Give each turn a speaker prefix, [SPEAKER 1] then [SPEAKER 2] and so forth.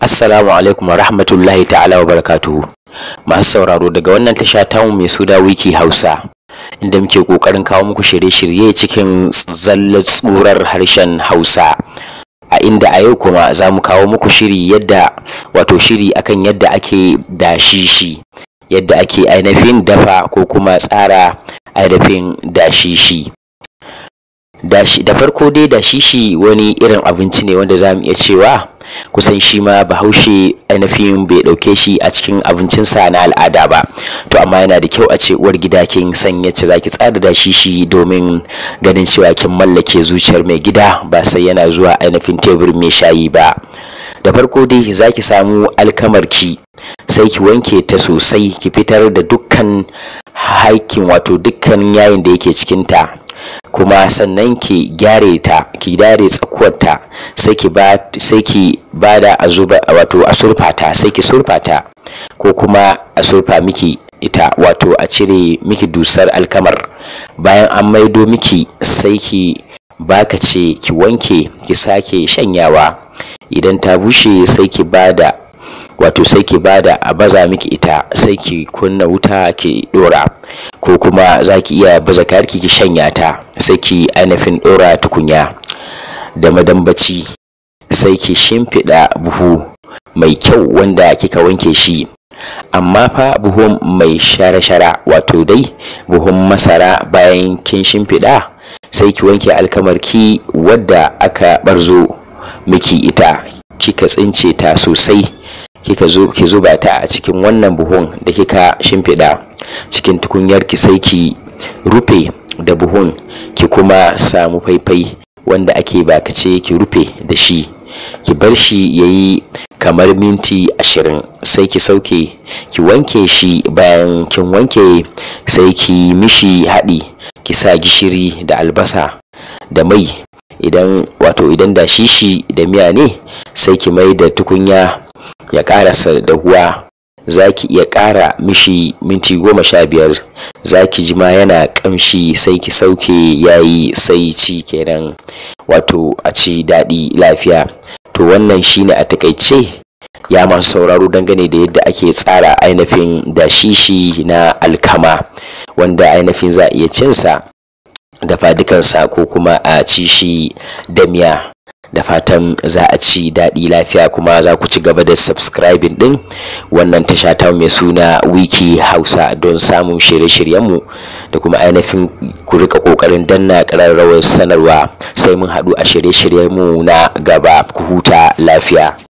[SPEAKER 1] Assalamu alaikum wa rahmatullahi ta'ala wa barakatuhu. Masu sauraro daga wannan tasha tamu mai suda wiki Hausa inda muke ƙoƙarin kawo muku shirye-shirye cikin zallar tsurar harshen Hausa. A inda a yau kuma za mu kawo muku shiri yadda wato shiri akan yadda ake dashi shi, yadda ake ainihin dafa ko kuma tsara ainihin dashi shi. da farko dai da shi shi wani irin abinci ne wanda za mu iya cewa kusan shi ma bahaushe ainihin bai ɗauke shi a cikin abincinsa na al'ada ba to amma yana da kyau a ce uwar gida kin san yacce za ki tsara da shi shi domin ganin cewa kin mallake zuciyar mai gida ba sai yana zuwa ainihin tebur mai shayi ba da farko dai za ki samu alkamarki sai ki wanke ta sosai ki fitar da dukkan haikin wato dukkan yayin da yake cikinta kuma sannan ki gyare ta ki dare tsakuwar ta sai ki ba sai ki bada a zuba wato a surfa ta sai ki surfa ta ko kuma a surfa miki ita wato a cire miki dusar alkamar bayan an maido miki sai ki baka ce ki wanke ki sake shanyawa idan ta bushe sai ki bada wato sai ki bada a baza miki ita sai ki kunna wuta ki dora ko kuma za ki iya baza kayarki ki shanya ta sai ki ainihin dora tukunya da madambaci sai ki shimfiɗa buhu mai kyau wanda kika wanke shi amma fa buhun mai shara-shara wato dai buhun masara bayan kin shimfiɗa sai ki wanke alkamarki wadda aka barzo miki ita kika tsince ta sosai kika zo ki zuba ta a cikin wannan buhun da kika shimfiɗa cikin tukunyar ki sai ki rufe da buhun ki kuma samu faifai wanda ake bakace ki rufe da shi ki bar shi yayi kamar minti ashirin sai ki sauke ki wanke shi bayan kin wanke sai ki mishi haɗi ki sa gishiri da albasa da mai idan wato idan da shishi da miya ne sai ki mai da tukunya ya ƙara dahuwa za ki iya ƙara mishi minti goma sha biyar zaki ki ji ma yana ƙamshi sai ki sauke yayi sai ci kenan wato a ci daɗi lafiya to wannan shine a takaice ya masu sauraro dangane da yadda ake tsara ainihin shishi na alkama wanda ainihin za a iya cinsa fadukan sa ko kuma a cishi da miya da fatan za a ci daɗi lafiya kuma za ku ci gaba da subscribing ɗin wannan tasha ta mai suna wiki hausa don samun shirye-shiryenmu da kuma ainihin ku rika ƙoƙarin danna ƙararrawar sanarwa sai mun haɗu a shirye-shiryenmu na gaba ku huta lafiya